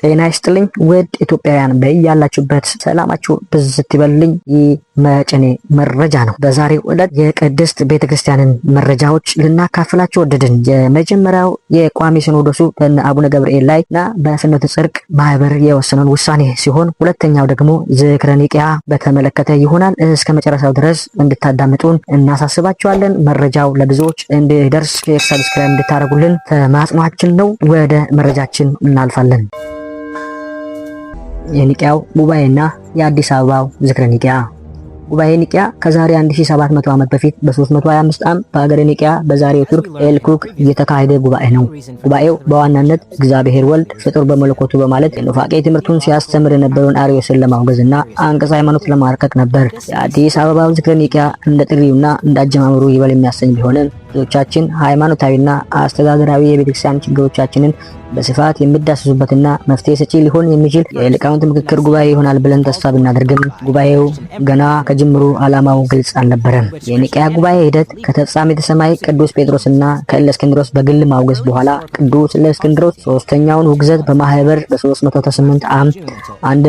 ጤና ይስጥልኝ ውድ ኢትዮጵያውያን፣ በያላችሁበት ሰላማችሁ ብዝት ይበልልኝ። ይህ መጨኔ መረጃ ነው። በዛሬው ዕለት የቅድስት ቤተክርስቲያንን መረጃዎች ልናካፍላችሁ ወደድን። የመጀመሪያው የቋሚ ሲኖዶሱ በነ አቡነ ገብርኤል ላይ እና በፍኖተ ጽድቅ ማህበር የወሰነውን ውሳኔ ሲሆን ሁለተኛው ደግሞ ዝክረ በተመለከተ ይሆናል። እስከ መጨረሻው ድረስ እንድታዳምጡን እናሳስባችኋለን። መረጃው ለብዙዎች እንዲደርስ ሰብስክራይብ እንድታደርጉልን ተማጽኗችን ነው። ወደ መረጃችን እናልፋለን። የኒቂያው ጉባኤና የአዲስ አበባው ዝክረ ኒቂያ ጉባኤ ኒቂያ ከዛሬ 1700 ዓመት በፊት በ325 ዓም በሀገረ ኒቂያ በዛሬው ቱርክ ኤልኩክ እየተካሄደ ጉባኤ ነው። ጉባኤው በዋናነት እግዚአብሔር ወልድ ፍጡር በመለኮቱ በማለት የኑፋቄ ትምህርቱን ሲያስተምር የነበረውን አርዮስን ለማውገዝና አንቀጽ ሃይማኖት ለማርቀቅ ነበር። የአዲስ አበባው ዝክረ ኒቂያ እንደ ጥሪውና እንደ አጀማመሩ ይበል የሚያሰኝ ቢሆንም ብዙዎቻችን ሃይማኖታዊና አስተዳደራዊ የቤተክርስቲያን ችግሮቻችንን በስፋት የሚዳሰሱበትና መፍትሄ ሰጪ ሊሆን የሚችል የሊቃውንት ምክክር ጉባኤ ይሆናል ብለን ተስፋ ብናደርግም ጉባኤው ገና ከጅምሩ ዓላማው ግልጽ አልነበረም። የኒቅያ ጉባኤ ሂደት ከተፍጻሜተ ሰማይ ቅዱስ ጴጥሮስና ከእለእስክንድሮስ በግል ማውገዝ በኋላ ቅዱስ እለእስክንድሮስ ሶስተኛውን ውግዘት በማህበር በ398 ዓ.ም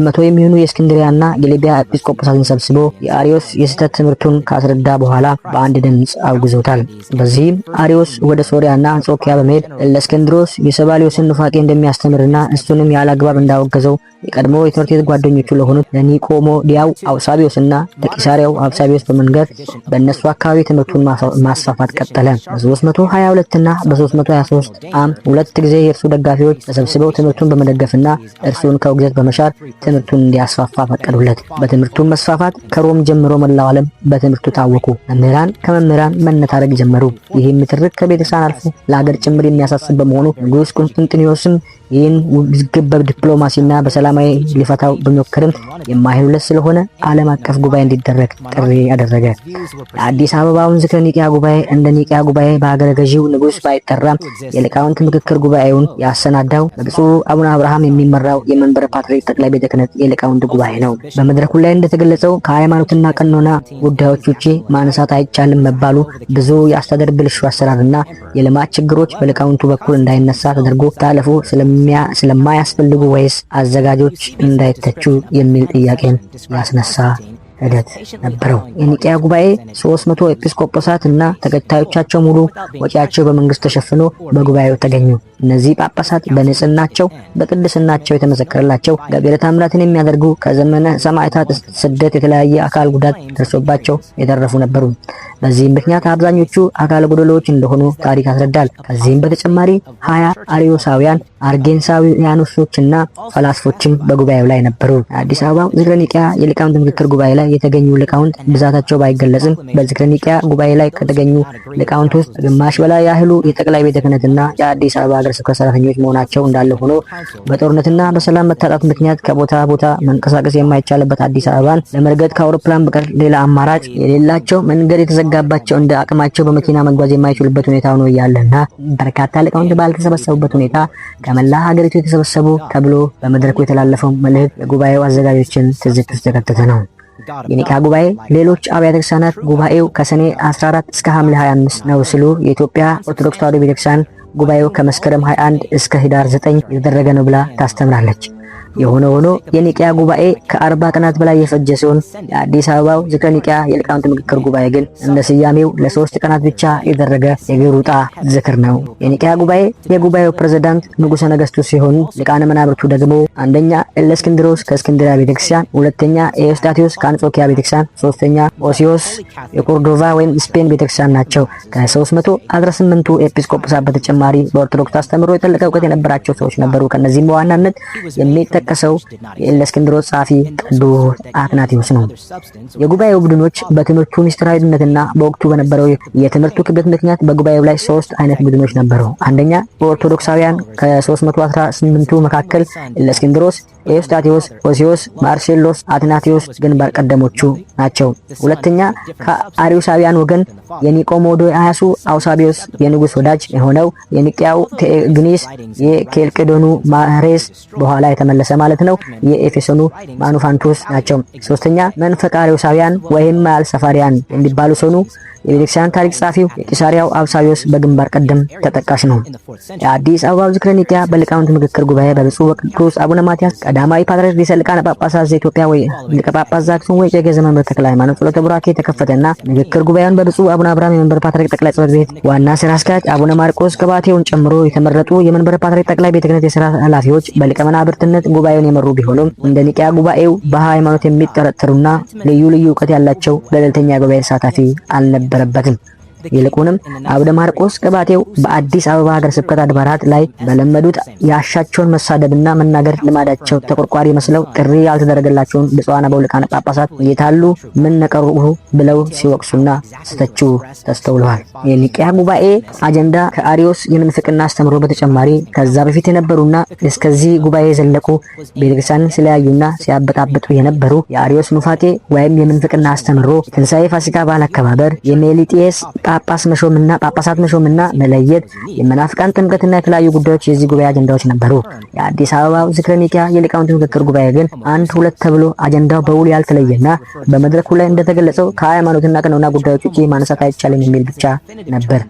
100 የሚሆኑ የእስክንድሪያና የሊቢያ ኤጲስቆጶሳትን ሰብስቦ የአሪዮስ የስህተት ትምህርቱን ካስረዳ በኋላ በአንድ ድምፅ አውግዞታል። በዚህም አሪዮስ ወደ ሶሪያና አንጾኪያ በመሄድ እለእስክንድሮስ የሰባሊዮስን ኑፋቄ እንደሚያስተምርና እሱንም ያለ አግባብ እንዳወገዘው የቀድሞ የትምህርት ጓደኞቹ ለሆኑት ለኒቆሞዲያው አውሳቢዮስና ለቂሳሪያው አብሳቢዮስ በመንገድ በእነሱ አካባቢ ትምህርቱን ማስፋፋት ቀጠለ። በ322ና በ323 ዓም ሁለት ጊዜ የእርሱ ደጋፊዎች ተሰብስበው ትምህርቱን በመደገፍና እርሱን ከውግዘት በመሻር ትምህርቱን እንዲያስፋፋ ፈቀዱለት። በትምህርቱን መስፋፋት ከሮም ጀምሮ መላው ዓለም በትምህርቱ ታወቁ። መምህራን ከመምህራን መነታረግ ጀመሩ። ይህም ትርክ ከቤተሳን አልፎ ለሀገር ጭምር የሚያሳስብ በመሆኑ ንጉሥ ቁስጥንጥኔ एनिमेशन ይህን ውዝግብ በዲፕሎማሲና በሰላማዊ ሊፈታው ቢሞክርም የማይሆንለት ስለሆነ ዓለም አቀፍ ጉባኤ እንዲደረግ ጥሪ አደረገ። ለአዲስ አበባውን ዝክረ ኒቅያ ጉባኤ እንደ ኒቅያ ጉባኤ በሀገረ ገዢው ንጉስ ባይጠራ የሊቃውንት ምክክር ጉባኤውን ያሰናዳው በብፁዕ አቡነ አብርሃም የሚመራው የመንበረ ፓትርያርክ ጠቅላይ ቤተ ክህነት የሊቃውንት ጉባኤ ነው። በመድረኩ ላይ እንደተገለጸው ከሃይማኖትና ቀኖና ጉዳዮች ውጭ ማንሳት አይቻልም መባሉ ብዙ የአስተዳደር ብልሹ አሰራርና የልማት ችግሮች በሊቃውንቱ በኩል እንዳይነሳ ተደርጎ ታለፉ ስለሚ ስለማያስፈልጉ ወይስ አዘጋጆች እንዳይተቹ የሚል ጥያቄን ያስነሳ ሂደት ነበረው። የኒቅያ ጉባኤ 300 ኤጲስቆጶሳት እና ተከታዮቻቸው ሙሉ ወጪያቸው በመንግስት ተሸፍኖ በጉባኤው ተገኙ። እነዚህ ጳጳሳት በንጽህናቸው በቅድስናቸው የተመሰከረላቸው ገቢረ ታምራትን የሚያደርጉ ከዘመነ ሰማዕታት ስደት የተለያየ አካል ጉዳት ደርሶባቸው የተረፉ ነበሩ። በዚህም ምክንያት አብዛኞቹ አካል ጎደሎዎች እንደሆኑ ታሪክ ያስረዳል። ከዚህም በተጨማሪ ሀያ አርዮሳውያን አርጌንሳውያኖሶችና ፈላስፎችም በጉባኤው ላይ ነበሩ። አዲስ አበባ ዝክረኒቅያ የሊቃውንት ምክክር ጉባኤ ላይ የተገኙ ሊቃውንት ብዛታቸው ባይገለጽም በዝክረኒቅያ ጉባኤ ላይ ከተገኙ ሊቃውንት ውስጥ ግማሽ በላይ ያህሉ የጠቅላይ ቤተ ክህነትና የአዲስ አበባ የሚደርስ ሰራተኞች መሆናቸው እንዳለ ሆኖ በጦርነትና በሰላም መታጣት ምክንያት ከቦታ ቦታ መንቀሳቀስ የማይቻልበት አዲስ አበባን ለመርገጥ ከአውሮፕላን በቀር ሌላ አማራጭ የሌላቸው መንገድ የተዘጋባቸው እንደ አቅማቸው በመኪና መጓዝ የማይችሉበት ሁኔታ ሆኖ እያለና በርካታ ሊቃውንት ባልተሰበሰቡበት ሁኔታ ከመላ ሀገሪቱ የተሰበሰቡ ተብሎ በመድረኩ የተላለፈው መልእክት የጉባኤው አዘጋጆችን ትዝብት ውስጥ የከተተ ነው። የኒቃ ጉባኤ ሌሎች አብያተ ክርስቲያናት ጉባኤው ከሰኔ 14 እስከ ሐምሌ 25 ነው ሲሉ የኢትዮጵያ ኦርቶዶክስ ተዋሕዶ ቤተክርስቲያን ጉባኤው ከመስከረም 21 እስከ ህዳር 9 የተደረገ ነው ብላ ታስተምራለች። የሆነ ሆኖ የኒቂያ ጉባኤ ከአርባ ቀናት በላይ የፈጀ ሲሆን የአዲስ አበባው ዝክረ ኒቂያ የሊቃውንት ምክክር ጉባኤ ግን እንደ ስያሜው ለሶስት ቀናት ብቻ የደረገ የግር ውጣ ዝክር ነው። የኒቂያ ጉባኤ የጉባኤው ፕሬዝዳንት ንጉሰ ነገስቱ ሲሆን ሊቃነ መናብርቱ ደግሞ አንደኛ እለእስክንድሮስ ከእስክንድሪያ ቤተክርስቲያን፣ ሁለተኛ ኤዎስጣቴዎስ ከአንጾኪያ ቤተክርስቲያን፣ ሶስተኛ ኦሲዮስ የኮርዶቫ ወይም ስፔን ቤተክርስቲያን ናቸው። ከ318ቱ ኤጲስቆጶሳት በተጨማሪ በኦርቶዶክስ አስተምሮ የጠለቀ እውቀት የነበራቸው ሰዎች ነበሩ። ከእነዚህም በዋናነት የሚጠ የተጠቀሰው ለእስክንድሮ ጸሐፊ ቅዱስ አትናቴዎስ ነው። የጉባኤው ቡድኖች በትምህርቱ ሚስጥራዊነትና በወቅቱ በነበረው የትምህርቱ ክብደት ምክንያት በጉባኤው ላይ ሶስት አይነት ቡድኖች ነበሩ። አንደኛ ኦርቶዶክሳውያን ከ318ቱ መካከል ለእስክንድሮስ ኤዎስጣቴዎስ፣ ሆሴዎስ፣ ማርሴሎስ፣ አትናቴዎስ ግንባር ቀደሞቹ ናቸው። ሁለተኛ ከአሪዮሳውያን ወገን የኒቆሞዲያሱ አውሳቢዮስ የንጉሥ ወዳጅ የሆነው የኒቅያው ቴግኒስ፣ የኬልቄዶኑ ማሬስ በኋላ የተመለሰ ማለት ነው፣ የኤፌሶኑ ማኑፋንቱስ ናቸው። ሶስተኛ መንፈቅ ወይም አልሰፋሪያን የሚባሉ ሰኑ የቤተክርስቲያን ታሪክ ጸሐፊው የቂሳሪያው አብሳዊዎስ በግንባር ቀደም ተጠቃሽ ነው። የአዲስ አበባው ዝክረ ኒቅያ በሊቃውንት ምክክር ጉባኤ በብፁዕ ወቅዱስ አቡነ ማትያስ ቀዳማዊ ፓትርያርክ ርዕሰ ሊቃነ ጳጳሳት ዘኢትዮጵያ ወይ ሊቀ ጳጳስ ዘአክሱም ወዕጨጌ ዘመንበረ ተክለ ሃይማኖት ጸሎተ ቡራኬ የተከፈተና ምክክር ጉባኤውን በብፁዕ አቡነ አብርሃም የመንበረ ፓትርያርክ ጠቅላይ ጽሕፈት ቤት ዋና ስራ አስኪያጅ አቡነ ማርቆስ ቅባቴውን ጨምሮ የተመረጡ የመንበረ ፓትርያርክ ጠቅላይ ቤተ ክህነት የስራ ኃላፊዎች በሊቀ መናብርትነት ጉባኤውን የመሩ ቢሆኑም እንደ ኒቅያ ጉባኤው በሃይማኖት የሚጠረጠሩና ልዩ ልዩ እውቀት ያላቸው ገለልተኛ ጉባኤ ተሳታፊ አልነበ አልነበረበትም። ይልቁንም አብደ ማርቆስ ቅባቴው በአዲስ አበባ ሀገረ ስብከት አድባራት ላይ በለመዱት ያሻቸውን መሳደብና መናገር ልማዳቸው ተቆርቋሪ መስለው ጥሪ ያልተደረገላቸውን ብፁዓን አበው ሊቃነ ጳጳሳት የታሉ ምን ነቀሩ ብለው ሲወቅሱና ስተቹ ተስተውለዋል። የኒቅያ ጉባኤ አጀንዳ ከአሪዮስ የምንፍቅና አስተምሮ በተጨማሪ ከዛ በፊት የነበሩና እስከዚህ ጉባኤ የዘለቁ ቤተክርስቲያንን ሲለያዩና ሲያበጣብጡ የነበሩ የአሪዮስ ኑፋቴ ወይም የምንፍቅና አስተምሮ ትንሣኤ ፋሲካ በዓል አከባበር የሜሊጤስ ጳጳስ መሾምና ጳጳሳት መሾምና መለየት፣ የመናፍቃን ጥምቀትና የተለያዩ ጉዳዮች የዚህ ጉባኤ አጀንዳዎች ነበሩ። የአዲስ አበባው ዝክረ ኒቂያ የሊቃውንት ምክክር ጉባኤ ግን አንድ ሁለት ተብሎ አጀንዳው በውል ያልተለየና በመድረኩ ላይ እንደተገለጸው ከሃይማኖትና ቀኖና ጉዳዮች ውጭ ማንሳት አይቻልም የሚል ብቻ ነበር።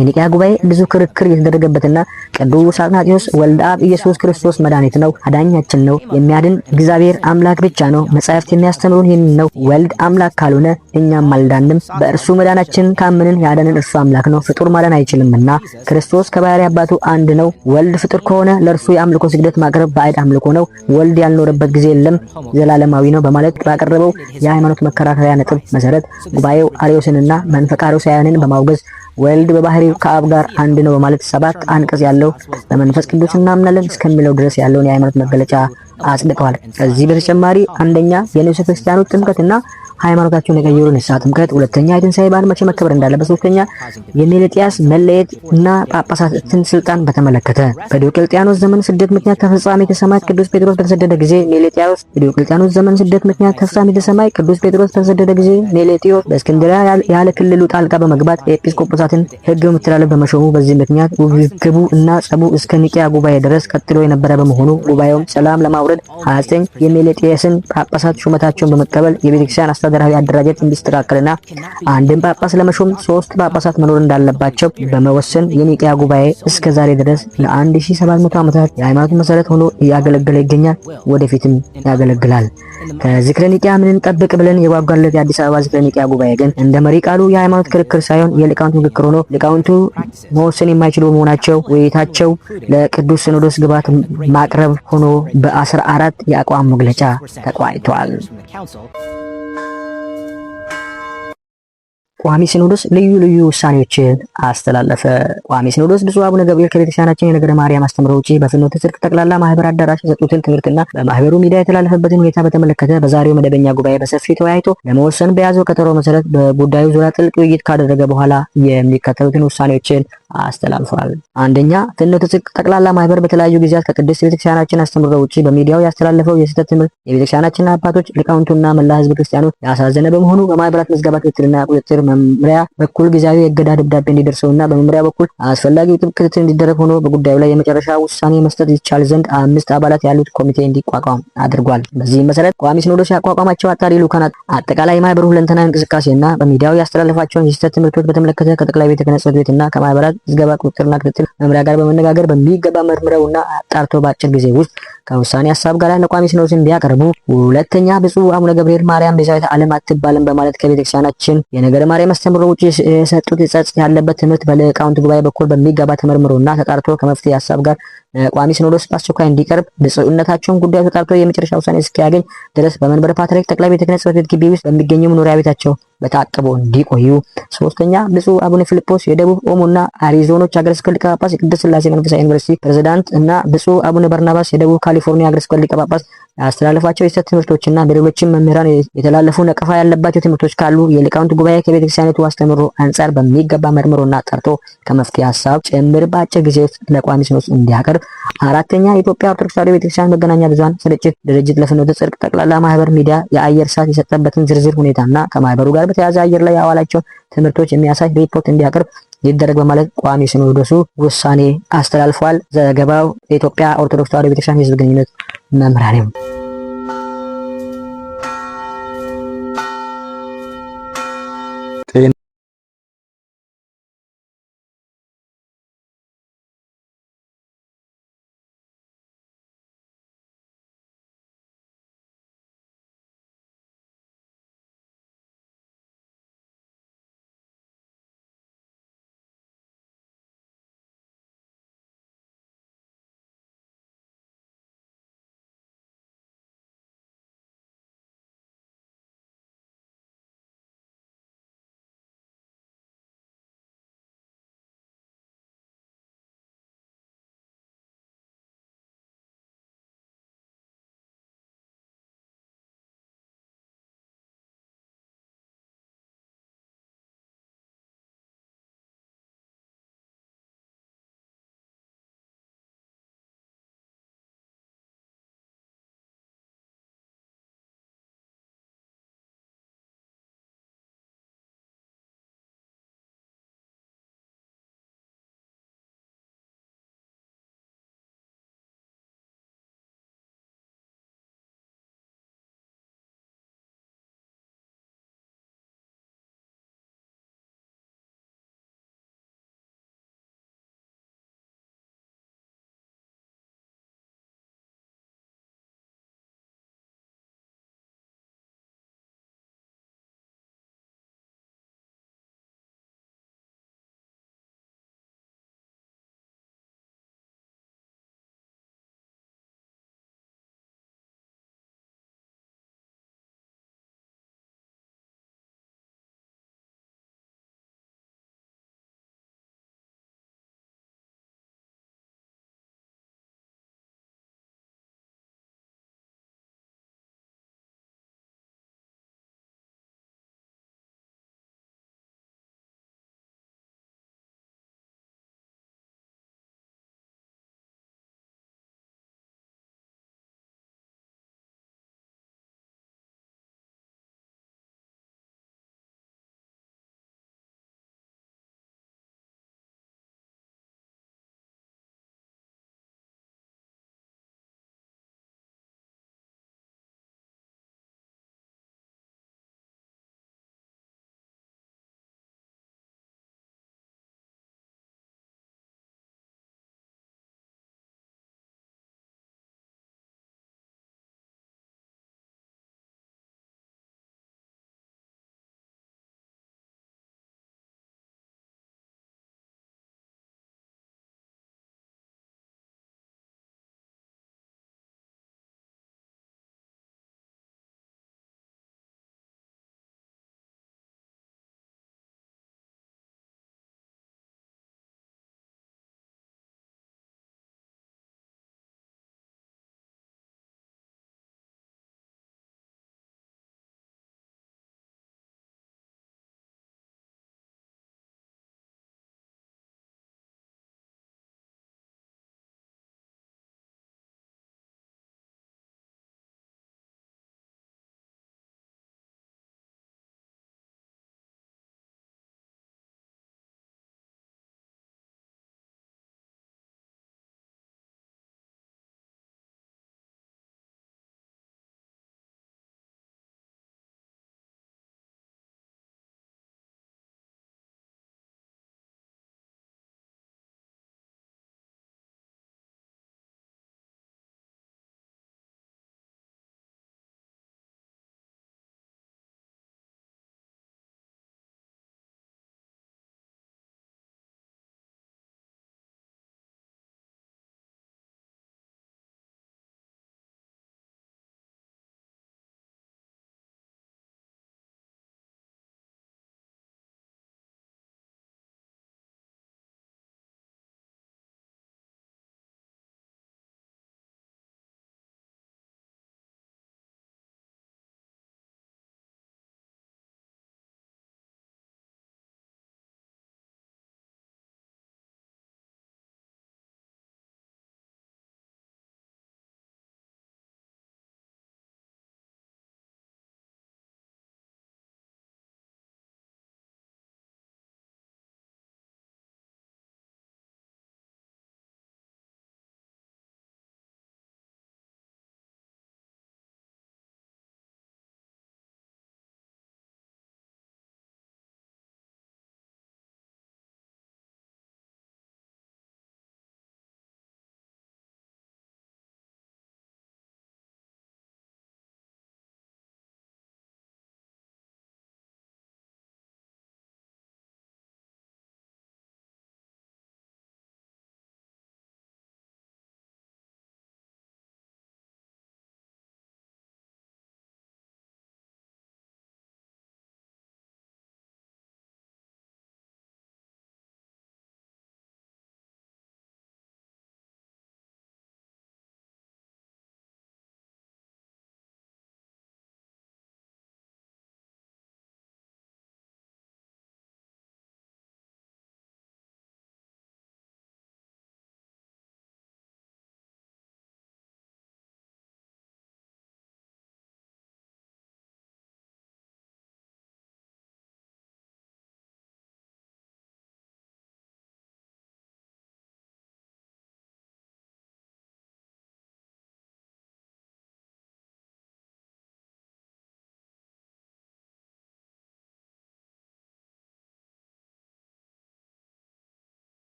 የኒቂያ ጉባኤ ብዙ ክርክር የተደረገበትና ቅዱስ አትናቴዎስ ወልደ አብ ኢየሱስ ክርስቶስ መድኃኒት ነው፣ አዳኛችን ነው፣ የሚያድን እግዚአብሔር አምላክ ብቻ ነው፣ መጻሕፍት የሚያስተምሩን ይህንን ነው፣ ወልድ አምላክ ካልሆነ እኛም አልዳንም፣ በእርሱ መዳናችን ያላመንን ያዳነን እርሱ አምላክ ነው፣ ፍጡር ማዳን አይችልምና። ክርስቶስ ከባህሪ አባቱ አንድ ነው። ወልድ ፍጡር ከሆነ ለእርሱ የአምልኮ ስግደት ማቅረብ ባዕድ አምልኮ ነው። ወልድ ያልኖረበት ጊዜ የለም፣ ዘላለማዊ ነው በማለት ባቀረበው የሃይማኖት መከራከሪያ ነጥብ መሰረት ጉባኤው አሪዮስንና መንፈቀ አርዮሳውያንን በማውገዝ ወልድ በባህሪ ከአብ ጋር አንድ ነው በማለት ሰባት አንቀጽ ያለው በመንፈስ ቅዱስ እናምናለን እስከሚለው ድረስ ያለውን የሃይማኖት መገለጫ አጽድቀዋል። ከዚህ በተጨማሪ አንደኛ የንዑስ ክርስቲያኖች ጥምቀትና ሃይማኖታቸውን የቀየሩ ንስሐ ጥምቀት፣ ሁለተኛ የትንሣኤ በዓል መቼ መከበር እንዳለበት፣ ሶስተኛ የሜሌጥያስ መለየት እና ጳጳሳትን ስልጣን በተመለከተ በዲዮቅልጥያኖስ ዘመን ስደት ምክንያት ተፈጻሚ ተሰማይ ቅዱስ ጴጥሮስ በተሰደደ ጊዜ ሜሌጥያስ በዲዮቅልጥያኖስ ዘመን ስደት ምክንያት ተፈጻሚ ተሰማይ ቅዱስ ጴጥሮስ በተሰደደ ጊዜ ሜሌጥዮስ በእስክንድሪያ ያለ ክልሉ ጣልቃ በመግባት ኤጲስቆጶሳትን ህግ በመተላለፍ በመሾሙ በዚህ ምክንያት ውዝግቡ እና ጸቡ እስከ ኒቂያ ጉባኤ ድረስ ቀጥሎ የነበረ በመሆኑ ጉባኤውም ሰላም ለማውረድ 29 የሜሌጥያስን ጳጳሳት ሹመታቸውን በመቀበል የቤተክርስቲያን ሀገራዊ አደራጀት እንዲስተካከልና አንድን ጳጳስ ለመሾም ሶስት ጳጳሳት መኖር እንዳለባቸው በመወሰን የኒቅያ ጉባኤ እስከ ዛሬ ድረስ ለ1700 ዓመታት የሃይማኖት መሰረት ሆኖ እያገለገለ ይገኛል። ወደፊትም ያገለግላል። ከዝክረ ኒቅያ ምንጠብቅ ብለን የጓጓለት የአዲስ አበባ ዝክረ ኒቅያ ጉባኤ ግን እንደ መሪ ቃሉ የሃይማኖት ክርክር ሳይሆን የሊቃውንት ምክክር ሆኖ ሊቃውንቱ መወሰን የማይችሉ መሆናቸው ውይይታቸው ለቅዱስ ሲኖዶስ ግባት ማቅረብ ሆኖ በ14 የአቋም መግለጫ ተቋይቷል። ቋሚ ሲኖዶስ ልዩ ልዩ ውሳኔዎችን አስተላለፈ። ቋሚ ሲኖዶስ ብፁዕ አቡነ ገብርኤል ከቤተክርስቲያናችን የነገረ ማርያም አስተምሮ ውጪ በፍኖተ ጽድቅ ጠቅላላ ማህበር አዳራሽ የሰጡትን ትምህርትና በማህበሩ ሚዲያ የተላለፈበትን ሁኔታ በተመለከተ በዛሬው መደበኛ ጉባኤ በሰፊ ተወያይቶ ለመወሰን በያዘው ቀጠሮ መሰረት በጉዳዩ ዙሪያ ጥልቅ ውይይት ካደረገ በኋላ የሚከተሉትን ውሳኔዎችን አስተላልፏል። አንደኛ ትንቱ ጽድቅ ጠቅላላ ማህበር በተለያዩ ጊዜያት ከቅድስት ቤተክርስቲያናችን አስተምህሮ ውጪ በሚዲያው ያስተላለፈው የስህተት ትምህርት የቤተክርስቲያናችን አባቶች ሊቃውንቱና መላ ህዝብ ክርስቲያኑ ያሳዘነ በመሆኑ በማህበራት ምዝገባ ክትትልና ቁጥጥር መምሪያ በኩል ጊዜያዊ የእገዳ ደብዳቤ እንዲደርሰውና በመምሪያ በኩል አስፈላጊው ጥብቅ ክትትል እንዲደረግ ሆኖ በጉዳዩ ላይ የመጨረሻ ውሳኔ መስጠት ይቻል ዘንድ አምስት አባላት ያሉት ኮሚቴ እንዲቋቋም አድርጓል። በዚህም መሰረት ቋሚ ሲኖዶስ ያቋቋማቸው አጣሪ ልኡካን አጠቃላይ ማህበሩ ሁለንተና እንቅስቃሴና በሚዲያው ያስተላለፋቸውን የስህተት ትምህርቶች በተመለከተ ከጠቅላይ ቤተ ክህነት ጽሕፈት ቤትና ከማህበራት ምዝገባ ቁጥጥርና ክትትል መምሪያ ጋር በመነጋገር በሚገባ መርምረውና አጣርተው በአጭር ጊዜ ውስጥ ከውሳኔ ሀሳብ ጋር ለቋሚ ሲኖዶስ እንዲያቀርቡ። ሁለተኛ ብፁዕ አቡነ ገብርኤል ማርያም ቤዛዊተ ዓለም አትባልም በማለት ከቤተክርስቲያናችን የነገረ ማርያም አስተምሮ ውጭ የሰጡት ጸጽ ያለበት ትምህርት በሊቃውንት ጉባኤ በኩል በሚገባ ተመርምሮና ተጣርቶ ከመፍትሄ ሀሳብ ጋር ለቋሚ ሲኖዶስ በአስቸኳይ እንዲቀርብ ብፁዕነታቸውን ጉዳዩ ተጣርቶ የመጨረሻ ውሳኔ እስኪያገኝ ድረስ በመንበረ ፓትርያርክ ጠቅላይ ቤተ ክህነት ጽሕፈት ቤት ግቢ ውስጥ በሚገኘው መኖሪያ ቤታቸው በታቅቦ እንዲቆዩ። ሶስተኛ ብፁዕ አቡነ ፊልጶስ የደቡብ ኦሞና አሪዞኖች ሀገረ ስብከት ሊቀ ጳጳስ፣ የቅድስት ሥላሴ መንፈሳዊ ዩኒቨርሲቲ ፕሬዝዳንት እና ብፁዕ አቡነ በርናባስ የደቡብ ካሊፎርኒያ ሀገረ ስብከት ሊቀ ጳጳስ ያስተላለፏቸው የሰት ትምህርቶችና በሌሎችም መምህራን የተላለፉ ነቀፋ ያለባቸው ትምህርቶች ካሉ የሊቃውንት ጉባኤ ከቤተክርስቲያኒቱ አስተምሮ አንጻር በሚገባ መርምሮና ጠርቶ ከመፍትሄ ሀሳብ ጭምር በአጭር ጊዜ ለቋሚ ሲኖዶስ እንዲያቀርብ። አራተኛ የኢትዮጵያ ኦርቶዶክስ ተዋሕዶ ቤተክርስቲያን መገናኛ ብዙሃን ስርጭት ድርጅት ለፍኖተ ጽድቅ ጠቅላላ ማህበር ሚዲያ የአየር ሰዓት የሰጠበትን ዝርዝር ሁኔታና ከማህበሩ ጋር በተያያዘ አየር ላይ ያዋላቸውን ትምህርቶች የሚያሳይ ሪፖርት እንዲያቀርብ ይደረግ በማለት ቋሚ ሲኖዶሱ ውሳኔ አስተላልፏል። ዘገባው የኢትዮጵያ ኦርቶዶክስ ተዋሕዶ ቤተክርስቲያን ህዝብ ግንኙነት መምህራኔም